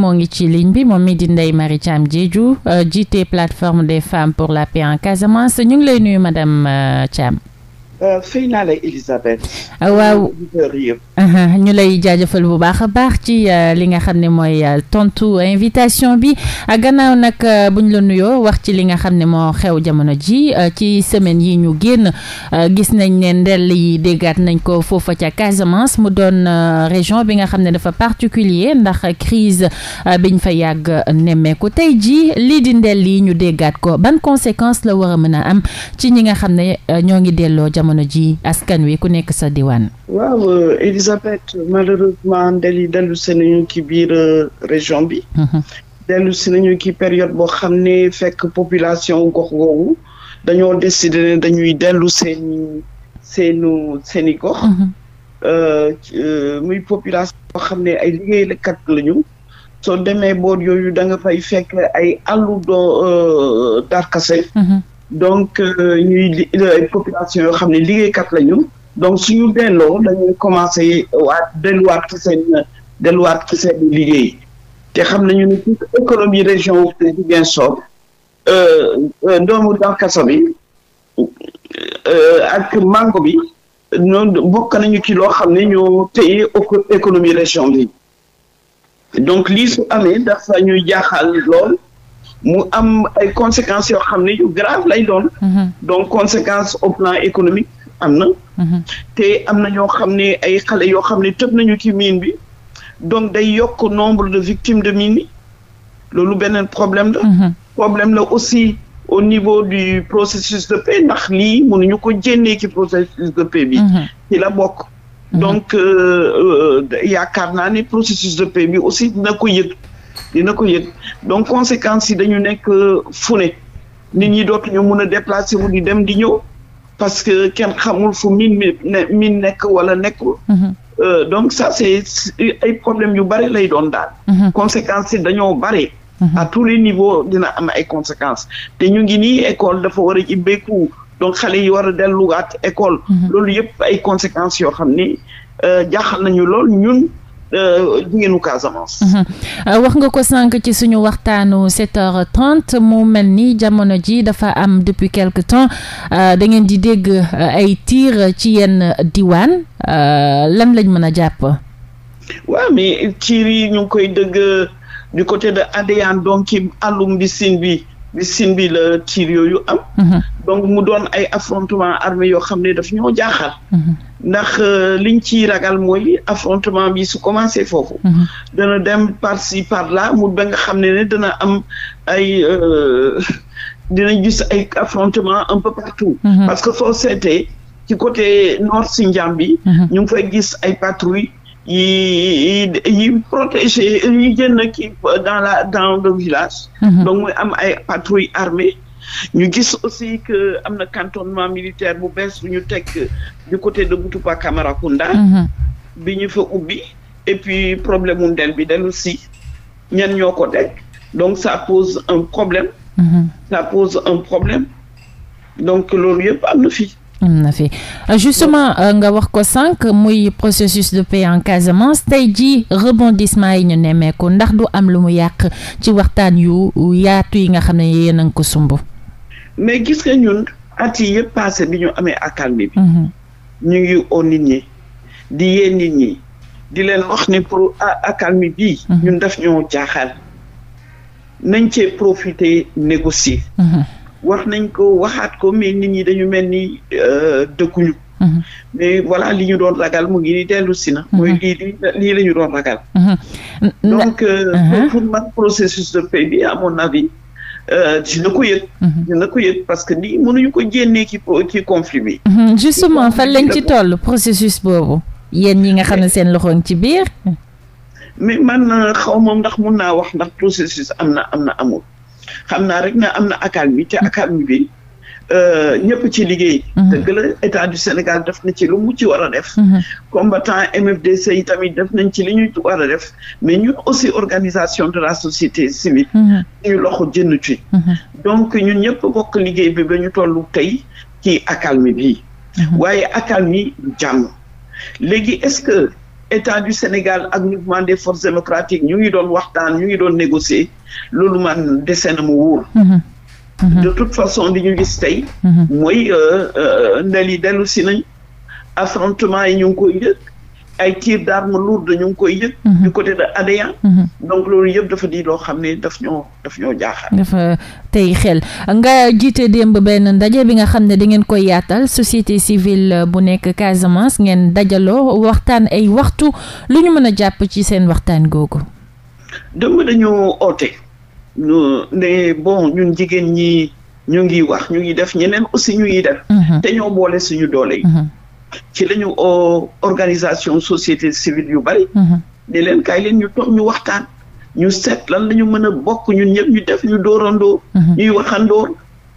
moo ngi ci ligne bi moom mi di Ndeye Marie Thiam Diédhiou euh, jiite plateforme des femmes pour la paix en Casamance ñu ngi lay nuyu madame euh, Thiam. Euh, fëy naa lay Elisabeth. Ah, waaw uh-huh. ñu lay jaajëfal bu baax a baax ci euh, li nga xam ne mooy euh, tontu invitation bi ah, gannaaw nag bu ñu la nuyoo wax ci li nga xam ne moo xew jamono ji ci semaine yi ñu génn gis nañ ne ndell yi déggaat nañ ko foofa ca Casamance mu doon région bi nga xam ne dafa particulier ndax crise biñ fa yàgg nemmeeku tey ji lii di ndell yi ñu déggaat ko ban conséquence la war a mën a am ci ñi nga xam ne ñoo ngi delloo jamono jamono ji askan wi ku nekk sa diwaan. waaw euh, Elisabeth malheureusement yi dellu si nañu ci biir euh, région bi. Mhm. dellu si nañu ci période boo xam ne fekk population gox googu dañoo décider dañuy dellu seen seenu seen i gox. Mhm. Euh, muy population boo xam ne ay liggéeykat lañu. soo demee boor yooyu danga fay fekk ay àllu doo darkase mhm. donc euh, ñuy euh, yoo xam ne liggéeykat lañu donc suñu delloo dañuy commencé waa delluwaat ci seen delluwaat ci seen liggéey te xam nañu ne toute économie région de Ziguinchor euh, euh, doomu darkaso bi ak mango bi noonu bokk nañu ci loo xam ne ñoo téye économie région bi donc lii su amee ndax sax ñuy jaaxal lool mu am ay conséquences yoo xam ne yu grave lay doon. Mhm. donc conséquence au plan économique am na. Mhm. te am na ñoo xam ne ay xale yoo xam ne tëb nañu ci mine bi donc day yokk nombre de victimes de mine yi loolu beneen problème la. Mhm. problème la aussi au niveau du processus de paix ndax lii mënuñu ko jénnee ci processus de paix bi. ci la bokk. donc euh, euh, yaakaar naa ne processus de paix bi aussi dina ko yëg. dina ko yëg donc conséquence yi dañu nekk euh, fune nit ñi dootuñu mun a déplacer wu di dem di ñëw parce que kenn xamul fu min nekk wala nekkul. Mhm. Euh, donc ça ay problèmes yu bari lay doon daal. Mhm. conséquences yi dañoo bari. Mhm. à tous les niveaux dina am ay conséquences te ñu ngi nii école dafa war a ubbeeku donc xale yi war a delluwaat école. loolu yëpp ay conséquences yoo xam ni euh, jaaxal nañu lool ñun. jigéenu euh, Casamance. Mhm. Euh, wax nga ko sànq ci suñu waxtaanu 7h30 mu mel ni jamono ji dafa am depuis quelque temps euh, da ngeen di dégg ay tiir ci yenn diwaan lan lañ mën a jàpp. waaw mais tiir yi ñu koy dëgg du côté de Adéane donc ci àllum bi bi. bi sin bi la tiir yooyu am. Mhm. donc mu doon ay affrontement armé yoo xam ne daf ñoo jaaxal. Mhm. ndax euh, liñ ciy ragal mooy affrontement bi su commencé foofu. Mhm. dana dem par ci par là mu ba nga xam ne ne dana am ay euh, dina gis ay affrontement un peu partout. parce que soo seetee ci côté nord Sindian bi. ñu ngi gis ay patrouille yi yi protéger yi génn kii dans la dans le village. Mhm. donc muy am ay patrouille armée ñu gis aussi que am na cantonnement militaire bu bees bu ñu teg du côté de Boutoupa Camaracounda. Mhm. bi ñu fa ubbi et puis problème mu ndel bi dellu si ñenn ñoo ko teg donc ça pose un problème. Mhm. ça pose un problème donc loolu yëpp am na fii. am mm, na fi euh, justement euh, nga wax ko sànq muy processus de paix en Casamance tey jii rebondissement yi ñu nemmeeku ndax du am lu mu yàq ci waxtaan yu yaatu yi nga xam ne yéen a ngi ko sumb. mais gis nga ñun at yi yëpp passé bi ñu amee accalmie bi. Mm-hmm. ñu ngi oo nit ñi di yee nit ñi di leen wax ne pour accalmie bii. Mm-hmm. ñun daf ñoo jaaxal nañ cee profiter négocier. Mm-hmm. wax nañ ko waxaat ko mais nit ñi dañu mel ni euh, dëkkuñu. Mhm. mais voilà li ñu doon ragal mu ngi ni dellu si na. mooy mhm. lii lii ñu doon ragal. Mhm. donc euh, pour processus de paix bi à mon avis. Euh, dina ko yëg. dina ko yëg parce que ni mënuñu ko génnee ci ci conflit bi. justement fan lañ ci toll processus boobu. yéen ñi nga xam ne seen loxo ci biir. mais man xaw moom ndax mun naa wax ndax processus am na am na amul. xam naa rek ne am na accalmie te accalmie bi euh, ñëpp ci liggéey. Mhm. dëgg la état du Sénégal def na ci lu mu ci war a def. Mhm. combattant MFDC yi tamit def nañ ci li ñu war a def mais ñun aussi organisation de la société civile. Mhm. ñu loxo jënd ci. donc ñun ñëpp bokk liggéey bi ba ñu tollu tey ci accalmie bi. waaye accalmie du jàmm est-ce que. état du Sénégal ak mouvement des forces démocratiques ñu ngi doon waxtaan ñu ngi doon négocier loolu man dese na mu wóor. Mhm. Mhm. de toute façon li ñu gis tey. Mhm. mooy euh, euh, ndel yi dellu si nañ affrontement yi ñu ngi ay tir d'arme lourde ñu ngi koy yëg. ñu mhm. côté de ADEA. Mhm. donc loolu yëpp dafa di xam ne daf ñoo daf ñoo jaaxal. dafa tey xel nga jiite démb benn ndaje bi nga xam ne dangeen koy yaatal société civile bu nekk Casamance ngeen dajaloo waxtaan ay waxtu lu ñu mën a jàpp ci seen waxtaan googu. démb dañoo oote. ne bon ñun jigéen ñi ñu ngiy wax ñu ngi def ñeneen aussi ñu ngi def. Mhm. te ñoo boole suñu doole yi. ci la ñu euh, organisation société civile yu bari. Mhm. ne leen kaay leen ñu toog ñu waxtaan. ñu seet lan la ñu mën a bokk ñu ñëpp ñu def ñu dóorandoor. Mhm. ñuy waxandoor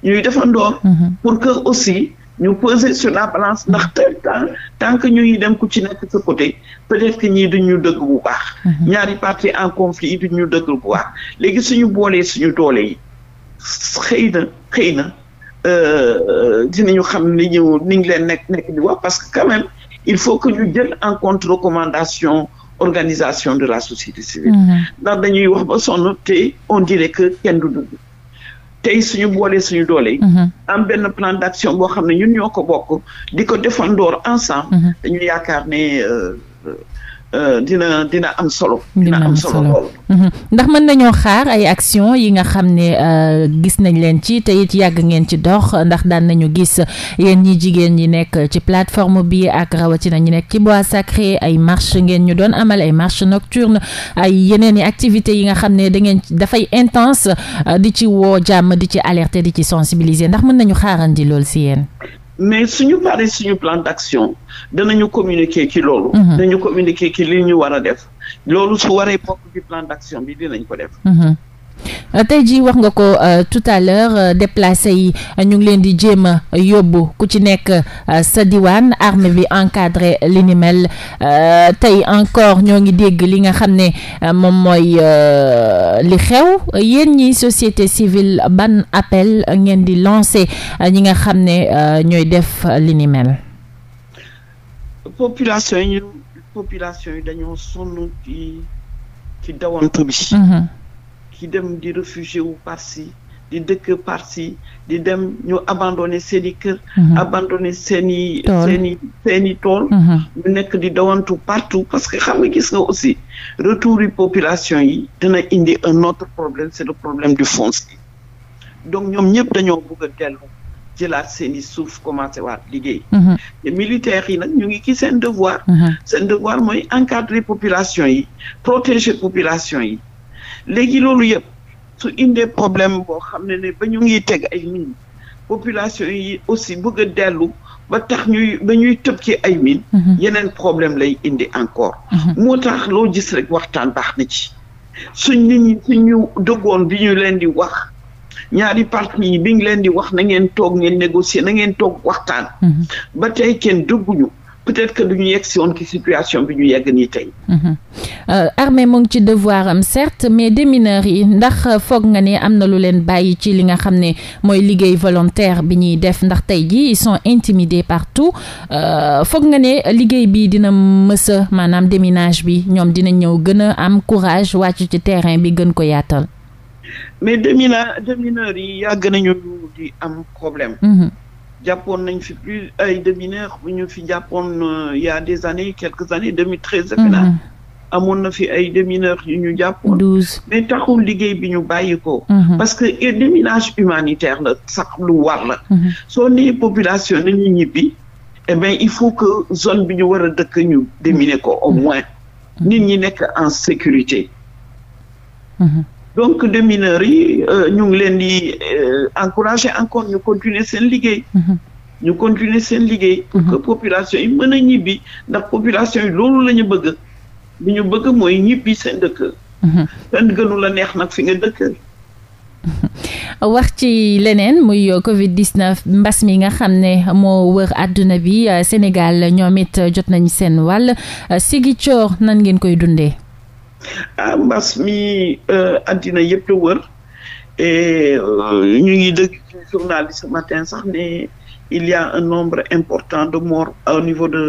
ñuy defandoor. Mhm. pour que aussi ñu peser sur la balance ndax tel temps tant que ñu ngi dem ku ci nekk sa côté peut-être que ñii duñ ñu dëgg bu baax. ñaari partie en conflit yi duñ ñu dëgg bu baax léegi suñu boolee suñu doole yi xëy na xëy na. Euh, euh, dinañu xam ni ñu ni leen nekk nekk di wax parce que quand même il faut que ñu jël en contre commandation organisation de la société civile mm-hmm. ndax dañuy wax ba sonn te on dirait que kenn du dugg tey suñu boolee suñu doole mm-hmm. am benn plan d'action boo xam ne ñun ñoo ko bokk di ko défendre ensemble mm-hmm. dañu yaakaar ne euh, Euh, dina am solo. dina am solo mhm. ndax mën nañoo xaar ay action yi nga xam ne euh, gis nañ leen ci tey it yàgg ngeen ci dox ndax daan nañu gis yéen ñi jigéen ñi nekk ci plateforme bi ak rawatina ñi nekk ci bois sacré ay marche ngeen ñu doon amal ay marche nocturne ay yeneen i activités yi nga xam ne da ngeen dafay intense euh, di ci woo jàmm di ci alerte di ci sensibiliser ndax mën nañu xaarandi lool si yéen. mais suñu paree suñu plan d'action danañu communiquer ci loolu. danañu communiquer ci li ñu war a def. loolu su waree bokk ci plan d'action bi dinañ ko def. Euh, tey jii wax nga ko euh, tout à euh, yi ñu ngi leen di jéem a yóbbu ku ci nekk sa diwaan arme bi encadré li ni mel tey encore ñoo ngi dégg li nga xam ne moom mooy li xew yéen ñi société civile ban appel ngeen di lancé ñi nga xam ne ñooy def li ni mel. yi dañoo sonn ci ci dawantu bi. Mhm. di dem di réfugié wu par-ci di dëkk par-ci di dem ñu abandonné seen i kër mhm. abandonné seeni i i tool mhm. ñu nekk di dawantu partout parce que xam nga gis nga aussi retour yi population yi dina indi un autre problème c'est le problème du foncier donc ñoom ñëpp dañoo bëgg a dellu jëlaat seen i suuf commencé waat liggéey mhm. te militaires yi nag ñu ngi ci seen devoir seen devoir mooy encadrer population yi protéger population yi léegi loolu yëpp su indee problème boo xam ne ne ba ñu ngi teg ay mines population yi aussi bëgg a dellu ba tax ñuy ba ñuy tëb ci ay mines mhm. yeneen problème lay indi encore mhm. moo tax loo gis rek waxtaan baax ni ci suñ nit ñi suñu dëggoon bi ñu leen di wax ñaari parti yi bi ñu leen di wax na ngeen toog ngeen négocier na ngeen toog waxtaan mhm. ba tey kenn dëgguñu peut-être que du ñu yegg si woon ci situation bi ñu yegg nii tey. Mhm. Euh, armée mu ci devoir am certes mais des mineurs yi ndax euh, foog nga ne am na lu leen bàyyi ci li nga xam ne mooy liggéey volontaire bi ñuy def ndax tey jii ils sont intimidés partout euh, foog nga ne liggéey bi dina mësa maanaam déminage bi ñoom dina ñëw gën a am courage wàcc ci terrain bi gën ko yaatal. mais des mineurs yi yàgg nañu di am problème. Mhm. jàppoon nañ fi plus ay de bu ñu fi jàppoon euh, il des années quelques années 2013. defe naa mhm. amoon na fi ay de yu ñu jàppoon. douze mais taxul liggéey bi ñu bàyyi ko. Mhm. parce que déminage humanitaire la sax lu war la. Mhm. soo nee population nañu ñibbi. eh bien il faut que zone bi ñu war a dëkk ñu déminer ko au moins. nit ñi nekk en sécurité. donc de mineurs euh, yi ñu ngi leen di euh, encourager encore ñu continuer seen liggéey. ñu mm-hmm. continuer seen liggéey. pour mm-hmm. que population yi mën a ñibbi ndax population yi loolu lañu ñu bëgg li bëgg mooy ñibbi seen dëkk. Mm-hmm. kenn gënu neex nag fi nga dëkk. wax ci leneen muy Covid 19 mbas mi nga xam ne moo wër àdduna bi euh, Sénégal ñoom it jot nañu seen wàll Ziguinchor nan ngeen koy dundee. ah mbas mi àddina euh, yëpp la wër et euh, ñu ngi dégg journaliste ce matin sax ne il y a un nombre important de morts au niveau de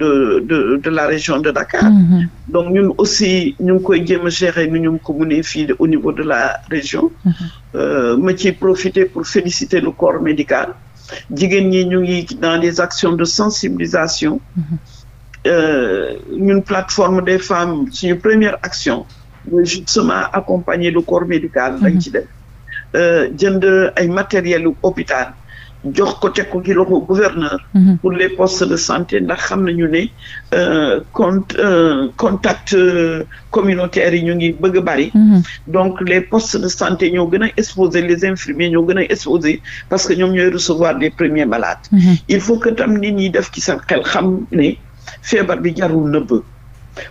de de de la région de Dakar. Mm-hmm. donc ñun aussi ñu ngi koy jéem a gérer nu ñu ko mënee fii au niveau de la région. Mm-hmm. Euh, ma ciy profiter pour féliciter le corps médical jigéen ñi ñu ngi dans des actions de sensibilisation. Mm-hmm. Euh, ñun plateforme des femmes suñu première action mooy justement accompagner le corps médical mm-hmm. dañ ci def euh, jënd ay matériel yu hôpital jox ko teg ko ci loxo gouverneur mm-hmm. pour les postes de santé ndax xam nañu ne euh, con contact communautaires yi ñu ngi bëgg a bari mm-hmm. donc les postes de santé ñoo gën a exposé les infirmiers ñoo gën a exposé parce que ñoom ñooy recevoir des premiers malades il faut que tam nit ñi def ci sa xel xam ne feebar bi jarul nëbb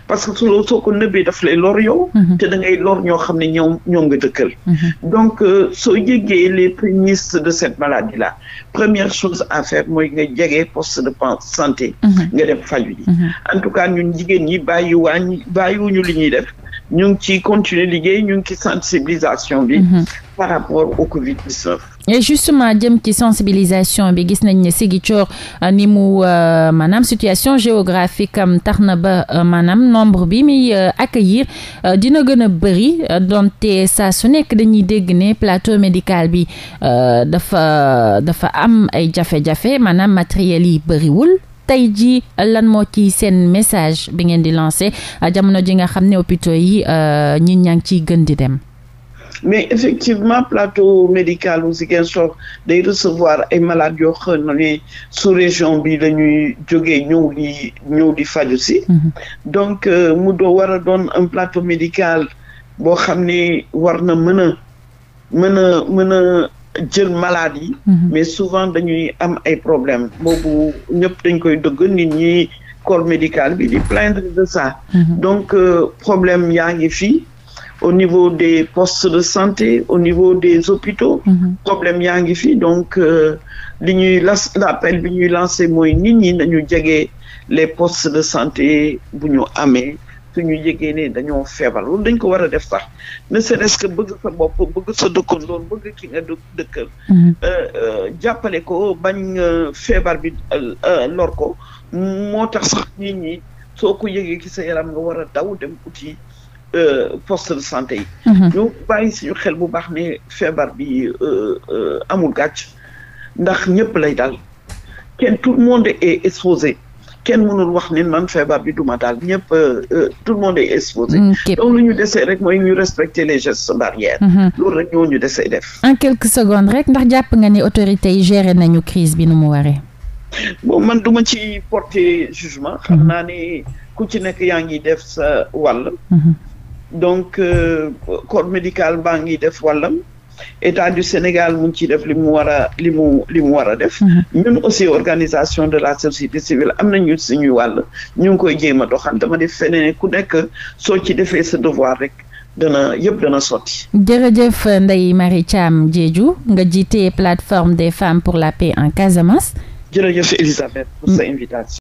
parce que soo soo ko nëbbee daf lay lor yow. Mhm. te da ngay lor ñoo xam ne ñoom ñoom nga dëkkal. Mhm. donc euh, soo jegee les prémices de cette maladie là première chose à faire mooy nga jege poste de santé. Mhm. nga dem faju ji. en tout cas ñun jigéen ñi bàyyi waa ñi bàyyiwuñu li ñuy def ñu ngi ci continuer liggéey ñu ngi sensibilisation bi. par rapport au Covid-19. et justement jëm ci sensibilisation bi gis nañ ne Ziguinchor euh, ni mu euh, maanaam situation géographique am tax na ba euh, maanaam nombre bi muy accueillir dina gën a bëri te saa su nekk dañuy dégg ne plateau médical bi dafa dafa am ay jafe-jafe maanaam matériel yi bëriwul. tey ji lan moo ci seen message bi ngeen di lancé jamono ji nga xam ne hôpitaux yi ñu ñaa ngi ciy gën di dem mais effectivement plateau médical u Ziguinchor day recevoir ay malades yoo xam ne sous région bi la ñuy jógee ñëw di ñëw di faju si mhm. donc euh, mu doo war a doon un plateau médical boo xam ni war na mën a mën a mën a jël malade yi mhm. mais souvent dañuy am ay problèmes boobu ñëpp dañ koy dëgg ni ñi corps médical bi di plaindre de ça mhm. donc euh, problème yaa ngi fii au niveau des postes de santé au niveau des hôpitaux mhm. problème yaa ngi fi donc euh, li ñuy las l'appel bi ñuy lancé mooy nit ñi nañu jege les postes de santé bu ñu amee ñu yëgee ne dañoo feebar loolu dañ ko war a def sax ne serait-ce que bëgg sa bopp bëgg sa dëkkoon loolu bëgg ki nga dëkkal mhm. euh, euh, jàppale ko bañ feebar bi lor moo tax sax nit ñi soo ko yëgee ki sa yaram nga war a daw dem uti Euh, poste de santé yi. Mhm. ñu bàyyi suñu xel bu baax ne feebar bi euh, euh, amul gàcc ndax ñëpp lay dal kenn tout le monde est exposé kenn mënul wax ni man feebar bi ma daal ñëpp tout le monde est exposé. Mm, donc lu ñu desee rek mooy ñu respecter les gestes barrières. Mhm. loolu rek ñoo ñu desee def. en quelques secondes rek ndax jàpp nga ni autorités yi géré nañu crise bi nu mu waree. bon man duma ci porter jugement. xam mhm. naa ne ku ci nekk yaa ngi def sa wàll. donc euh, corps médical baa ngi def wàllam état du Sénégal mu ngi ciy def li mu war a li mu li mu war a def. même aussi organisation de la société civile am nañu suñuy wàll ñu ngi koy jéem a doxal dama def feneen ku nekk soo ci defee sa devoir rek. dana yëpp dana sotti. jërëjëf Ndeye Marie Thiam Diédhiou nga jiite plateforme des femmes pour la paix en Casamance. jërëjëf Elisabeth pour sa invitation.